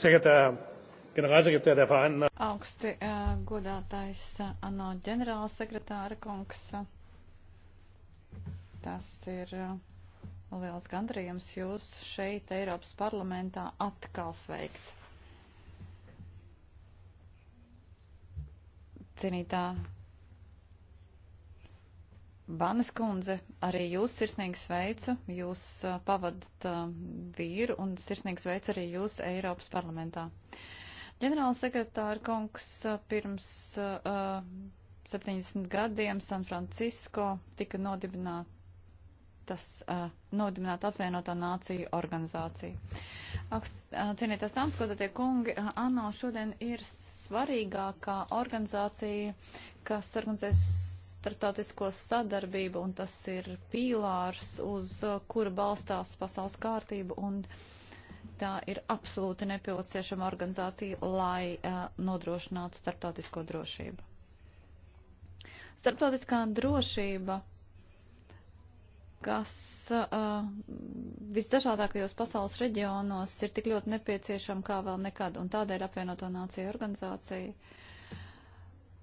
Sehr geehrter Herr Generalsekretär der Vereinten Nationen. Augsti uh, godātais uh, ANO ģenerālsekretāra kungs. Tas ir uh, liels gandrījums jūs šeit Eiropas parlamentā atkal sveikt. Cienītā Banes kundze, arī jūs sirsnīgi sveicu, jūs pavadat vīru un sirsnīgi sveicu arī jūs Eiropas parlamentā. Ģenerāla sekretāra kungs pirms uh, 70 gadiem San Francisco tika nodibinātas, uh, nodibināta apvienotā nāciju organizācija. Akst, uh, cienītās dāmas, ko tie kungi, uh, ANO šodien ir svarīgākā organizācija, kas organizēs starptautisko sadarbību, un tas ir pīlārs, uz uh, kura balstās pasaules kārtība, un tā ir absolūti nepieciešama organizācija, lai uh, nodrošinātu starptautisko drošību. Starptautiskā drošība kas uh, visdažādākajos pasaules reģionos ir tik ļoti nepieciešama kā vēl nekad, un tādēļ apvienoto nāciju organizācija uh,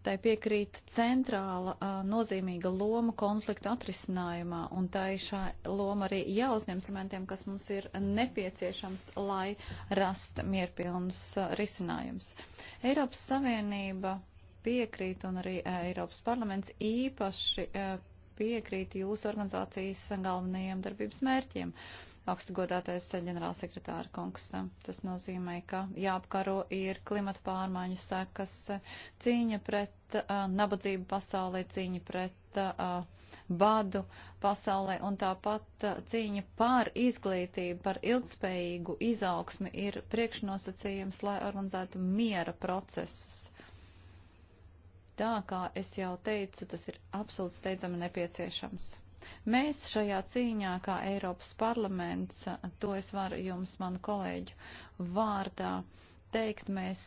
Tai piekrīt centrāla nozīmīga loma konflikta atrisinājumā, un tai šā loma arī jāuzņem elementiem, kas mums ir nepieciešams, lai rast mierpilnus risinājums. Eiropas Savienība piekrīt un arī Eiropas parlaments īpaši piekrīt jūsu organizācijas galvenajiem darbības mērķiem. Uh, augstgodātais ģenerālsekretāra kungs. Tas nozīmē, ka jāapkaro ir klimata pārmaiņu sekas, cīņa pret uh, nabadzību pasaulē, cīņa pret uh, badu pasaulē un tāpat uh, cīņa par izglītību, par ilgspējīgu izaugsmi ir priekšnosacījums, lai organizētu miera procesus. Tā kā es jau teicu, tas ir absolūti steidzami nepieciešams. Mēs šajā cīņā, kā Eiropas parlaments, to es varu jums, manu kolēģu vārdā, teikt, mēs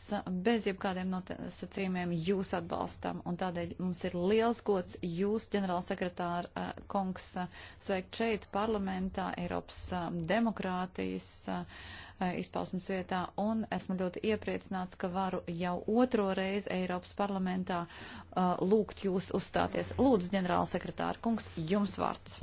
bez jebkādiem nosacījumiem jūs atbalstam, un tādēļ mums ir liels gods jūs, ģenerālsekretāra eh, kungs, sveikt šeit parlamentā, Eiropas eh, demokrātijas. Uh, Eh, izpausmas vietā, un esmu ļoti iepriecināts, ka varu jau otro reizi Eiropas parlamentā eh, lūgt jūs uzstāties. Lūdzu, ģenerāla sekretāra kungs, jums vārds.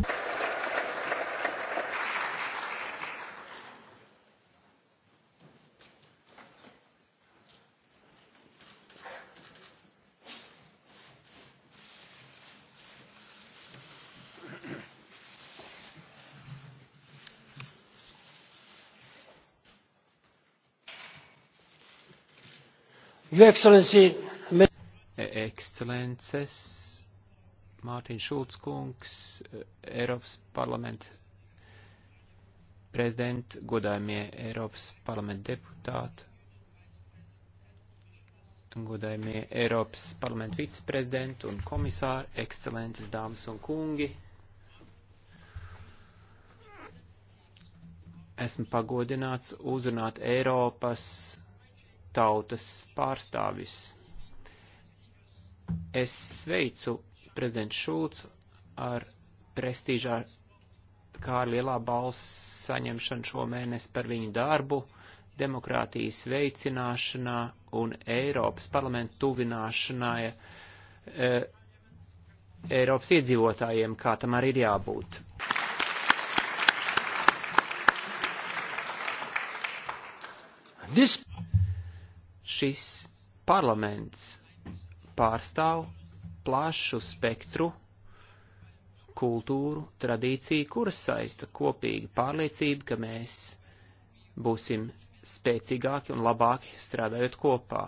Your Excellency, Ekscelences, Mārtiņš Šulc kungs, Eiropas parlamenta prezidenta, godājumie Eiropas parlamenta deputāti, godājumie Eiropas parlamenta viceprezidenta un komisāri, ekscelences dāmas un kungi. Esmu pagodināts uzrunāt Eiropas tautas pārstāvis. Es sveicu prezidentu Šulcu ar prestīžā kā ar lielā balss saņemšanu šo mēnesi par viņu darbu, demokrātijas veicināšanā un Eiropas parlamentu tuvināšanā e, Eiropas iedzīvotājiem, kā tam arī ir jābūt. This šis parlaments pārstāv plašu spektru kultūru, tradīciju, kuras saista kopīga pārliecība, ka mēs būsim spēcīgāki un labāki strādājot kopā.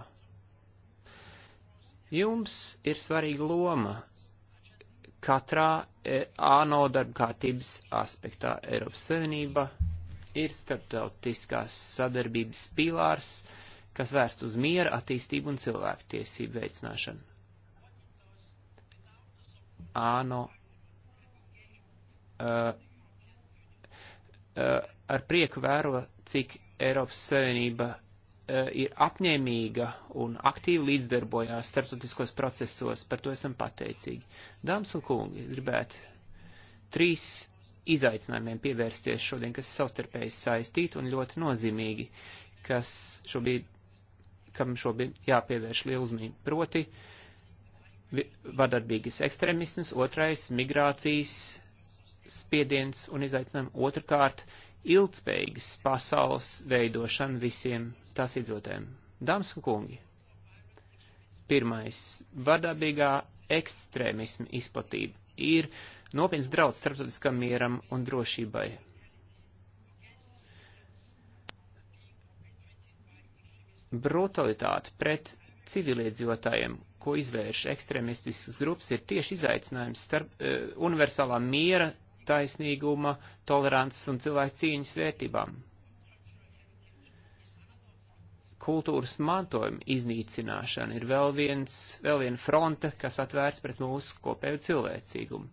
Jums ir svarīga loma katrā ANO e, darbkārtības aspektā Eiropas Savienība ir starptautiskās sadarbības pilārs, kas vērst uz miera, attīstību un cilvēku tiesību veicināšanu. Āno uh, uh, ar prieku vēro, cik Eiropas Savienība uh, ir apņēmīga un aktīvi līdzdarbojās starptautiskos procesos, par to esam pateicīgi. Dāmas un kungi, gribētu trīs izaicinājumiem pievērsties šodien, kas ir savstarpēji saistīti un ļoti nozīmīgi, kas šobrīd kam šobrīd jāpievērš lielzmība. Proti, vardarbīgas ekstremisms, otrais - migrācijas spiediens un izaicinājumi, otrkārt - ilgspējīgas pasaules veidošana visiem tās iedzotēm. Dāmas un kungi! Pirmais - vardarbīgā ekstrēmisma izplatība ir nopietns draudz starptautiskam mieram un drošībai. Brutalitāte pret civiliedzīvotājiem, ko izvērš ekstremistiskas grupas, ir tieši izaicinājums starp e, universālā miera, taisnīguma, tolerances un cilvēku cīņas vērtībām. Kultūras mantojuma iznīcināšana ir vēl, viens, vēl viena fronte, kas atvērta pret mūsu kopēju cilvēcīgumu.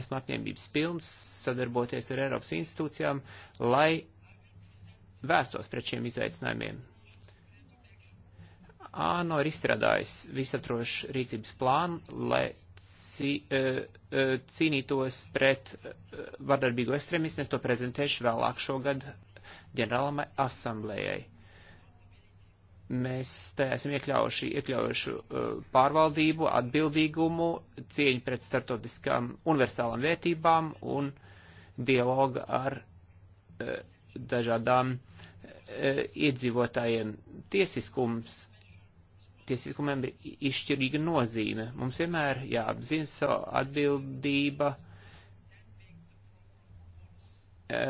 Esmu apņēmības pilns sadarboties ar Eiropas institūcijām, lai vērstos pret šiem izaicinājumiem, ANO ir izstrādājis visaptrošu rīcības plānu, lai cī, e, e, cīnītos pret e, vardarbīgo ekstremismu. Es to prezentēšu vēlāk šogad ģenerālamai asamblējai. Mēs te esam iekļaujuši, iekļaujuši pārvaldību, atbildīgumu, cieņu pret startotiskām universālām vērtībām un dialogu ar dažādām iedzīvotājiem. Tiesiskums tiesiskumiem ir izšķirīga nozīme. Mums vienmēr jāapzina savu atbildība e,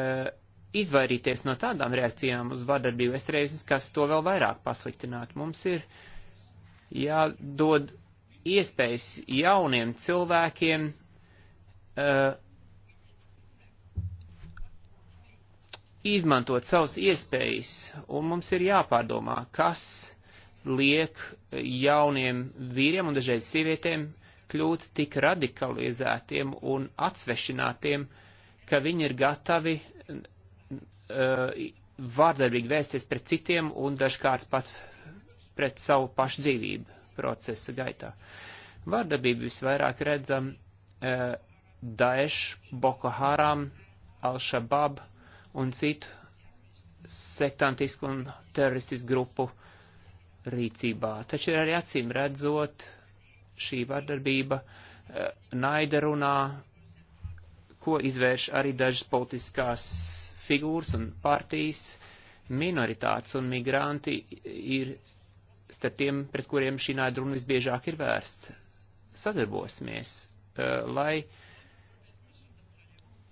izvairīties no tādām reakcijām uz vardarbību estreizes, kas to vēl vairāk pasliktinātu. Mums ir jādod iespējas jauniem cilvēkiem e, izmantot savas iespējas, un mums ir jāpārdomā, kas liek jauniem vīriem un dažreiz sievietēm kļūt tik radikalizētiem un atsvešinātiem, ka viņi ir gatavi uh, vārdarbīgi vēsties pret citiem un dažkārt pat pret savu pašu dzīvību procesa gaitā. Vārdarbību visvairāk redzam uh, Daesh, Boko Haram, Al-Shabaab un citu sektantisku un teroristisku grupu uh, rīcībā. Taču ir arī acīm redzot šī vardarbība eh, naida runā, ko izvērš arī dažas politiskās figūras un partijas, minoritātes un migranti ir starp tiem, pret kuriem šī naida runa visbiežāk ir vērsts. Sadarbosimies, eh, lai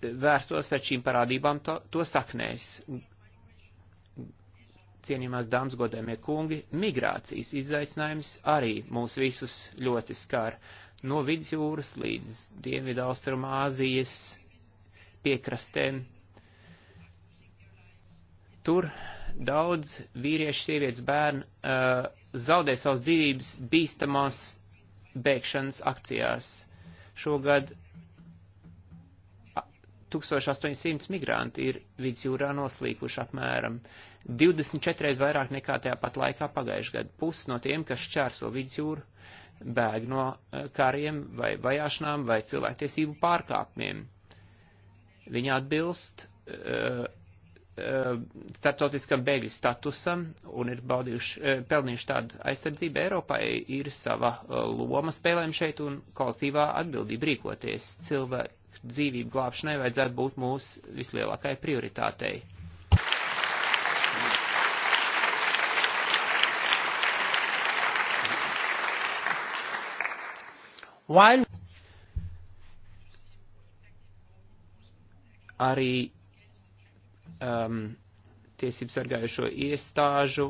vērstos pret šīm parādībām to, to saknēs, cienījumās dāmas godējumie kungi, migrācijas izaicinājums arī mūs visus ļoti skar. No vidusjūras līdz Dienvidu Austrum Āzijas piekrastēm. Tur daudz vīriešu, sievietes, bērnu uh, zaudē savas dzīvības bīstamās bēgšanas akcijās. Šogad 1800 migranti ir vidusjūrā noslīkuši apmēram 24 reiz vairāk nekā tajā pat laikā pagājušajā gadā. Pusi no tiem, kas šķērso vidusjūru, bēg no eh, kariem vai vajāšanām vai cilvēktiesību pārkāpumiem. Viņa atbilst uh, uh, starptautiskam bēgļu statusam un ir baudījuši, uh, pelnījuši tādu aizsardzību. Eiropai ir sava loma spēlēm šeit un kolektīvā atbildība rīkoties cilvēku dzīvību glābšanai vajadzētu būt mūsu vislielākai prioritātei. While arī um, tiesību sargājušo iestāžu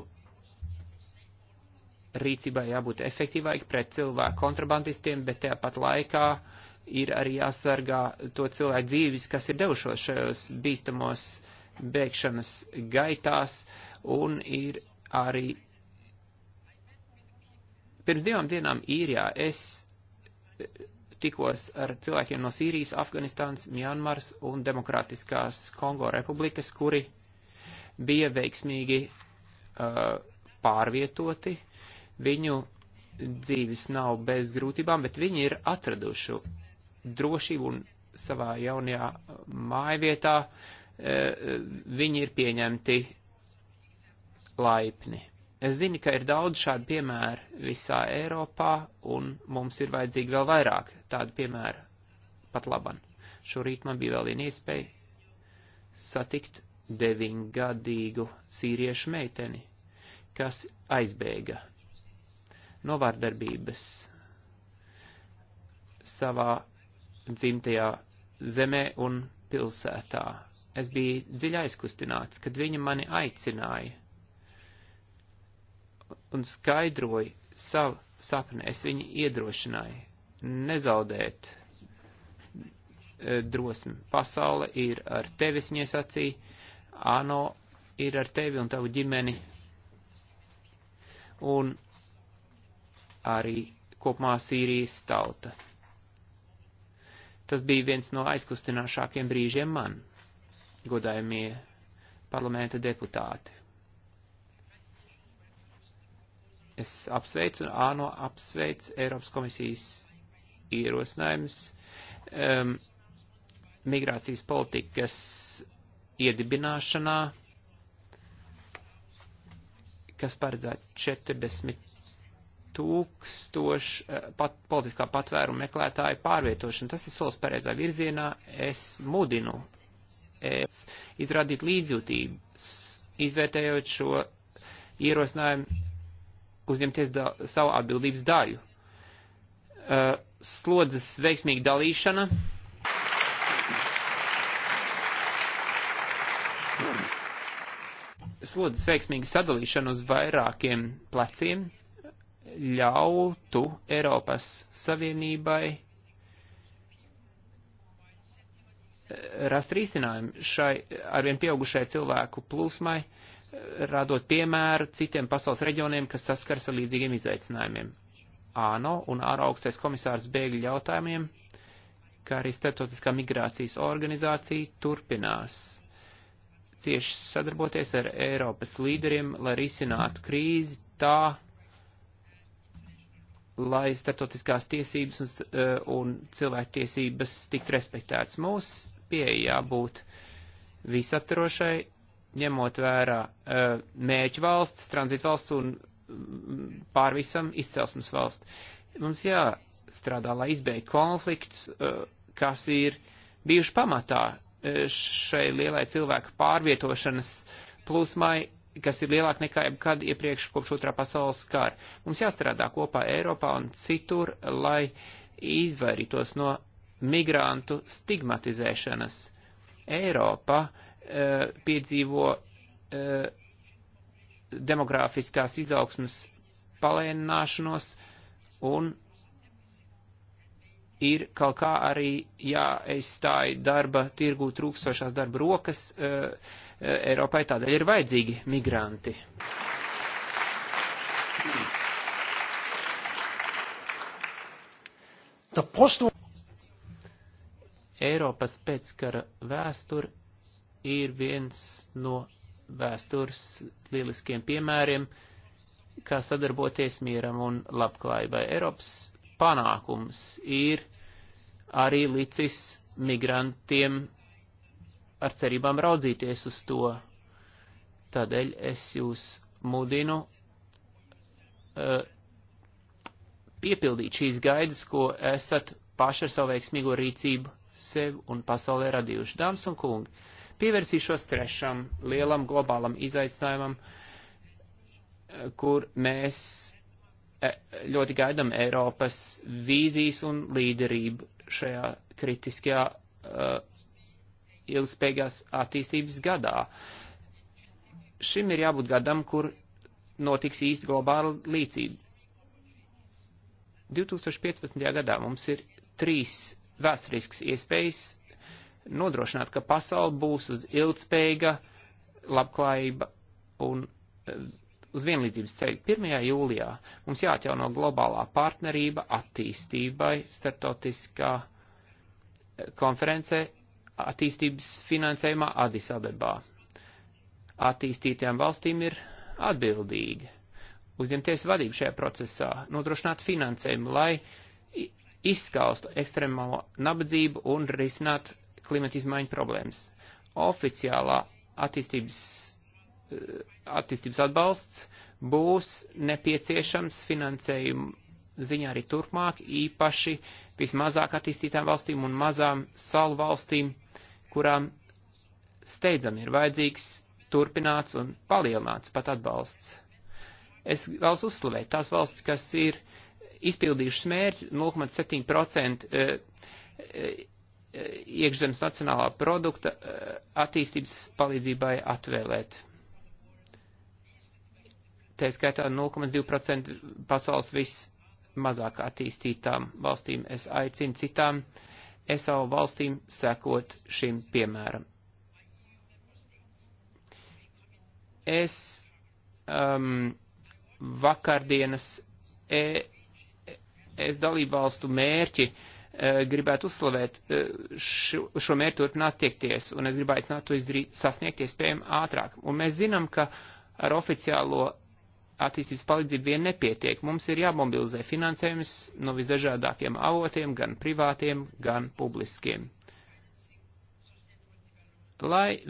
rīcībai jābūt efektīvāk pret cilvēku kontrabandistiem, bet tāpat laikā uh, ir arī jāsargā to cilvēku dzīves, kas ir devušos šajos bīstamos bēgšanas gaitās, un ir arī. Pirms divām dienām īrijā es eh, tikos ar cilvēkiem no Sīrijas, Afganistānas, Mjanmaras un Demokrātiskās Kongo republikas, kuri bija veiksmīgi uh, pārvietoti. Viņu dzīves nav bez grūtībām, bet viņi ir atraduši drošību un savā jaunajā mājvietā e, viņi ir pieņemti laipni. Es zinu, ka ir daudz šādu piemēru visā Eiropā, un mums ir vajadzīgi vēl vairāk tādu piemēru pat laban. Šorīt man bija vēl viena iespēja satikt deviņgadīgu sīriešu meiteni, kas aizbēga no vardarbības savā dzimtajā zemē un pilsētā. Es biju dziļi aizkustināts, kad viņa mani aicināja un skaidroja savu sapni. Es viņu iedrošināju nezaudēt e, drosmi. Pasaule ir ar tevi, viņa sacīja, ANO ir ar tevi un tavu ģimeni. Un arī kopumā Sīrijas tauta. Tas bija viens no aizkustinošākiem brīžiem man, godājumie parlamenta deputāti. Es apsveicu un āno apsveic Eiropas komisijas ierosinājums um, migrācijas politikas iedibināšanā, kas paredzētu 40 tūkstoši eh, pat, politiskā patvēruma meklētāju pārvietošana. Tas ir solis pareizā virzienā. Es mudinu es izrādīt līdzjūtību, izvērtējot šo ierosinājumu uzņemties da, savu atbildības daļu. Uh, slodzes veiksmīga dalīšana. Slodzes veiksmīga sadalīšana uz vairākiem pleciem, ļautu Eiropas Savienībai eh, rast risinājumu šai arvien pieaugušai cilvēku plūsmai, eh, radot piemēru citiem pasaules reģioniem, kas saskars ar līdzīgiem izaicinājumiem. ANO un ārā augstais komisārs bēgļu jautājumiem, kā arī starptautiskā migrācijas organizācija turpinās cieši sadarboties ar Eiropas līderiem, lai risinātu krīzi tā, lai startotiskās tiesības un, e, un cilvēktiesības tiktu respektētas. Mūsu pieeja jābūt visaptarošai, ņemot vērā e, mēķu valsts, tranzītu valsts un pār visam izcelsmes valsts. Mums jāstrādā, lai izbeigtu konflikts, e, kas ir bijuši pamatā šai lielai cilvēku pārvietošanas plūsmai kas ir lielāka nekā jebkad iepriekš kopš otrā pasaules kara. Mums jāstrādā kopā Eiropā un citur, lai izvairītos no migrantu stigmatizēšanas. Eiropa e, piedzīvo e, demogrāfiskās izaugsmas palēnināšanos un ir kaut kā arī jāaizstāj darba tirgū trūkstošās darba rokas. Eh, eh, Eiropai tādēļ ir vajadzīgi migranti. Postu... Eiropas pēckara vēsture ir viens no vēstures lieliskiem piemēriem, kā sadarboties mieram un labklājībai. Eiropas panākums ir arī licis migrantiem ar cerībām raudzīties uz to. Tādēļ es jūs mudinu uh, piepildīt šīs gaidas, ko esat paši ar savu veiksmīgo rīcību sev un pasaulē radījuši. Dāmas un kungi, pievērsīšos trešam lielam globālam izaicinājumam, kur mēs ļoti gaidām Eiropas vīzijas un līderību šajā kritiskajā uh, ilgspējīgās attīstības gadā. Šim ir jābūt gadam, kur notiks īsti globāla līdzība. 2015. gadā mums ir trīs vēsturisks iespējas nodrošināt, ka pasauli būs uz ilgspējīga labklājība un uh, uz vienlīdzības ceļu. 1. jūlijā mums jāatjauno globālā partnerība attīstībai starptautiskā eh, konferencē attīstības finansējumā Adisabebā. Attīstītajām valstīm ir atbildīgi uzņemties vadību šajā procesā, nodrošināt finansējumu, lai izskaustu ekstremālo nabadzību un risinātu klimata izmaiņu problēmas. Oficiālā attīstības attīstības atbalsts būs nepieciešams finansējumu ziņā arī turpmāk, īpaši vismazāk attīstītām valstīm un mazām salu valstīm, kurām steidzam ir vajadzīgs turpināts un palielināts pat atbalsts. Es vēlos uzslavēt tās valstis, kas ir izpildījušas mērķi 0,7% e, e, e, iekšzemes nacionālā produkta attīstības palīdzībai atvēlēt tā skaitā 0,2% pasaules vismazāk attīstītām valstīm. Es aicinu citām SAO valstīm sekot šim piemēram. Es um, vakardienas e, es dalībvalstu mērķi e, gribētu uzslavēt e, šo, šo mērķi turpināt tiekties, un es gribētu aicināt to izdarīt, sasniegt iespējami ātrāk. Un mēs zinām, ka ar oficiālo attīstības palīdzība vien nepietiek. Mums ir jāmobilizē finansējums no visdažādākiem avotiem, gan privātiem, gan publiskiem. Lai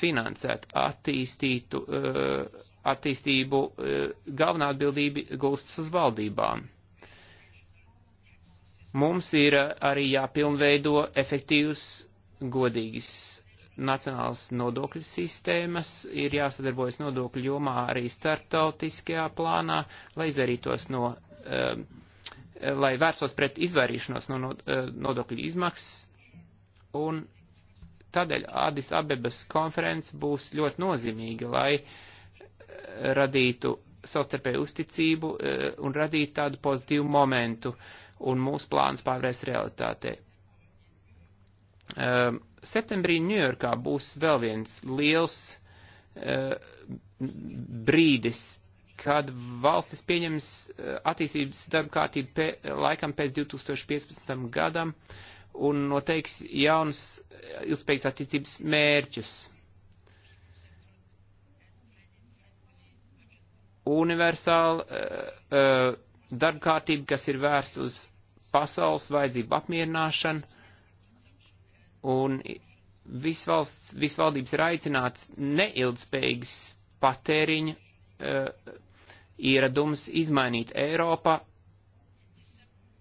finansētu attīstītu, eh, attīstību, eh, galvenā atbildība gulstas uz valdībām. Mums ir eh, arī jāpilnveido efektīvs, godīgs nacionālas nodokļu sistēmas, ir jāsadarbojas nodokļu jomā arī starptautiskajā plānā, lai izdarītos no, um, lai vērsos pret izvairīšanos no uh, nodokļu izmaksas. Un tādēļ Adis Abebas konference būs ļoti nozīmīga, lai uh, radītu savstarpēju uzticību uh, un radītu tādu pozitīvu momentu un mūsu plāns pārvērs realitātei. Um, septembrī Ņujorkā būs vēl viens liels uh, brīdis, kad valstis pieņems eh, attīstības darba kārtību pē, laikam pēc 2015. gadam un noteiks jaunas eh, ilgspējas attīstības mērķus. Universāla uh, uh, darba kārtība, kas ir vērsta uz pasaules vajadzību apmierināšanu, Un viss valsts, viss valdības ir aicināts neilgspējīgas patēriņa uh, ieradums izmainīt. Eiropa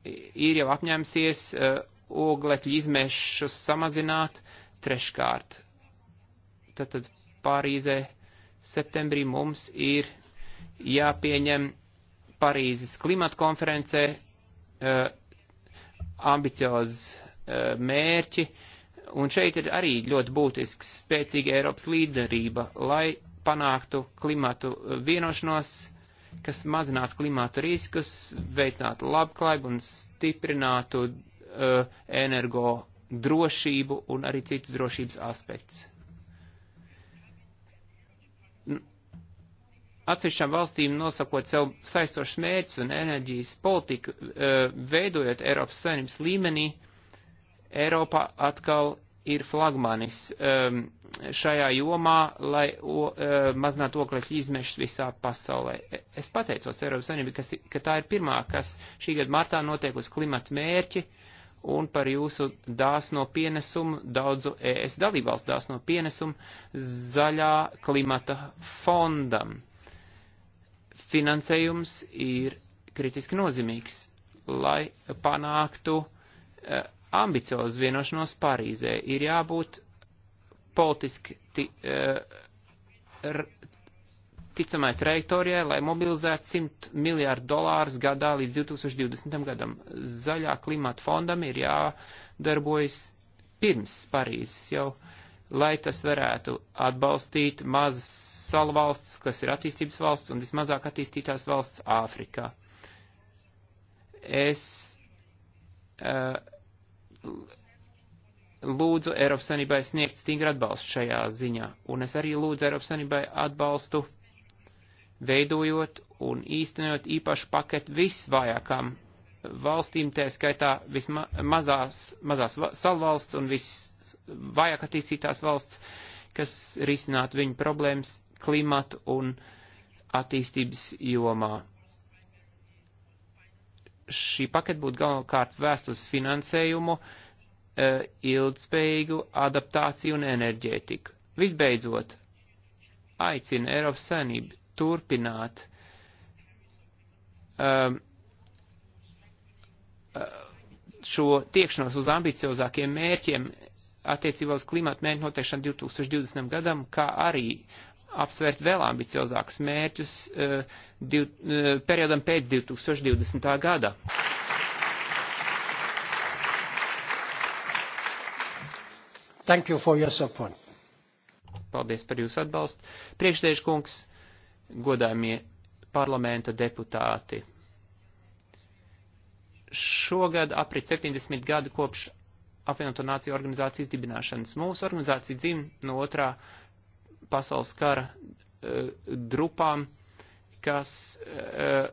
ir jau apņēmsies uh, oglekļu izmešus samazināt treškārt. Tad, tad Pārīzē septembrī mums ir jāpieņem Parīzes klimata konferencē uh, eh, ambiciozi uh, mērķi, uh, Un šeit ir arī ļoti būtisks spēcīga Eiropas līderība, lai panāktu klimatu vienošanos, kas mazinātu klimatu riskus, veicinātu labklājību un stiprinātu uh, energo drošību un arī citas drošības aspekts. Atsevišķām valstīm nosakot sev saistošas mērķus un enerģijas politiku, uh, veidojot Eiropas saimnības līmenī, uh, Eiropa atkal ir flagmanis um, šajā jomā, lai o, uh, mazinātu oglekļu izmešus visā pasaulē. Es pateicos Eiropas Savienībai, ka tā ir pirmā, kas šī gada martā notiek uz klimata mērķi un par jūsu dāsno pienesumu, daudzu ES dalībvalstu dāsno pienesumu zaļā klimata fondam. Finansējums ir kritiski nozīmīgs, lai panāktu uh, ambiciozu vienošanos Parīzē. Ir jābūt politiski eh, ticamai trajektorijai, lai mobilizētu 100 miljārdu dolārus gadā līdz 2020. gadam. Zaļā klimata fondam ir jādarbojas pirms Parīzes jau, lai tas varētu atbalstīt mazas salu valsts, kas ir attīstības valsts un vismazāk attīstītās valsts Āfrikā. Es uh, lūdzu Eiropas Sanībai sniegt stingru atbalstu šajā ziņā, un es arī lūdzu Eiropas Sanībai atbalstu veidojot un īstenot īpašu paketu visvājākām valstīm, tā skaitā vismazās mazās salvalsts un visvājāk attīstītās valsts, kas risinātu viņu problēmas klimatu un attīstības jomā šī paketa būtu galvenokārt vēst uz finansējumu, e, ilgspējīgu adaptāciju un enerģētiku. Visbeidzot, aicina Eiropas saimnību turpināt um, šo tiekšanos uz ambiciozākiem mērķiem attiecībā uz klimatu mērķu noteikšanu 2020. gadam, kā arī apsvērt vēl ambiciozākus mērķus uh, div, uh, periodam pēc 2020. gada. Thank you for your support. Paldies par jūsu atbalstu. Priekšsēdžu kungs, godājumie parlamenta deputāti. Šogad aprit 70 gadi kopš apvienoto nāciju organizācijas dibināšanas. Mūsu organizācija dzim no otrā pasaules kara uh, drupām, kas uh,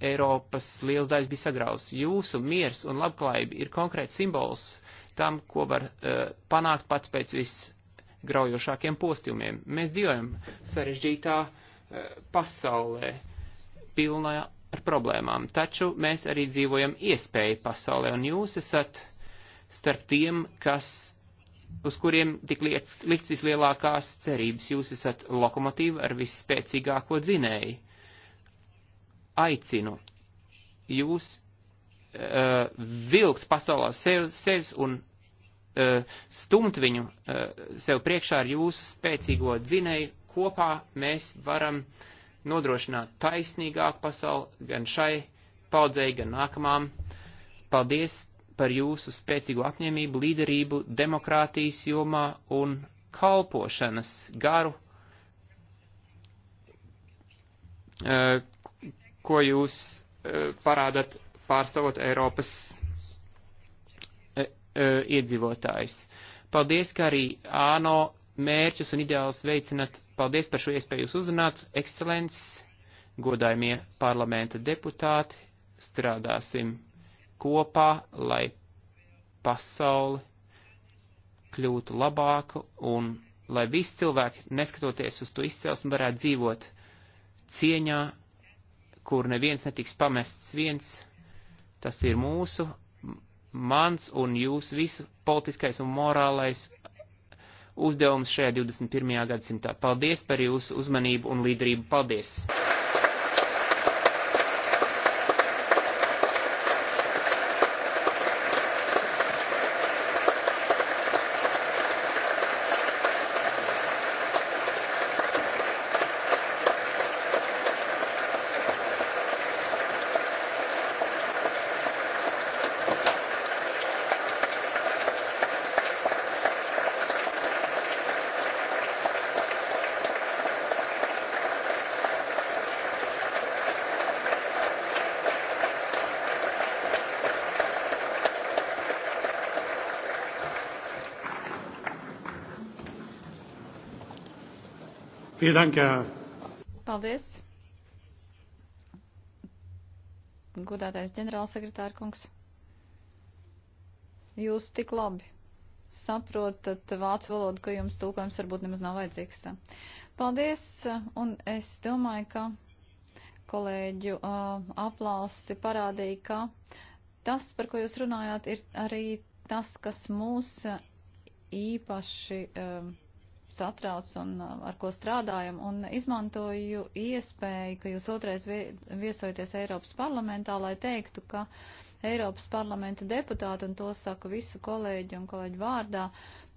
Eiropas liels daļas bija sagraus. Jūsu miers un labklājība ir konkrēts simbols tam, ko var uh, panākt pat pēc visgraujošākiem postījumiem. Mēs dzīvojam sarežģītā uh, pasaulē, pilnā ar problēmām, taču mēs arī dzīvojam iespēju pasaulē, un jūs esat starp tiem, kas uz kuriem tik lietas, likts vislielākās cerības. Jūs esat lokomotīva ar visspēcīgāko dzinēju. Aicinu jūs uh, vilkt pasaulē sev, sevis un uh, stumt viņu uh, sev priekšā ar jūsu spēcīgo dzinēju. Kopā mēs varam nodrošināt taisnīgāku pasauli gan šai paudzei, gan nākamām. Paldies par jūsu spēcīgo apņēmību, līderību demokrātijas jomā un kalpošanas garu, eh, ko jūs eh, parādat pārstāvot Eiropas eh, iedzīvotājs. Paldies, ka arī ANO mērķus un ideālus veicinat. Paldies par šo iespēju jūs uzrunāt. Ekscelents, godājumie parlamenta deputāti, strādāsim kopā, lai pasauli kļūtu labāku un lai visi cilvēki, neskatoties uz to izcelsmi, varētu dzīvot cieņā, kur neviens netiks pamests viens. Tas ir mūsu, mans un jūsu visu politiskais un morālais uzdevums šajā 21. gadsimtā. Paldies par jūsu uzmanību un līderību. Paldies! Paldies. Godātais ģenerālsekretāra kungs. Jūs tik labi saprotat vācu valodu, ka jums tulkojums varbūt nemaz nav vajadzīgs. Paldies, un es domāju, ka kolēģu uh, aplausi parādīja, ka tas, par ko jūs runājāt, ir arī tas, kas mūs īpaši. Uh, satrauc un uh, ar ko strādājam, un izmantoju iespēju, ka jūs otrais viesojaties Eiropas parlamentā, lai teiktu, ka Eiropas parlamenta deputāti, un to saku visu kolēģi un kolēģu vārdā,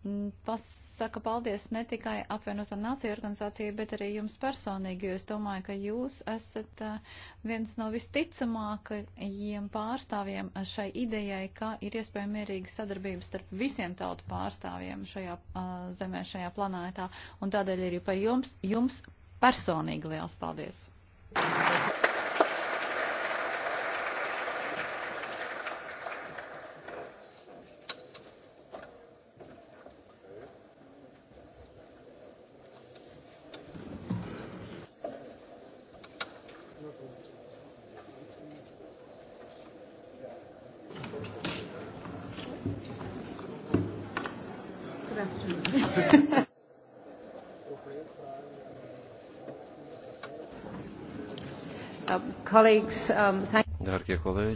Mm, pasaka paldies ne tikai apvienotā nācija organizācija, bet arī jums personīgi, jo es domāju, ka jūs esat eh, viens no visticamākajiem pārstāvjiem šai idejai, ka ir iespēja mierīga sadarbība starp visiem tautu pārstāvjiem šajā eh, zemē, šajā planētā, un tādēļ arī par jums, jums personīgi liels paldies! Thank you. Um, Dārgie kolēģi!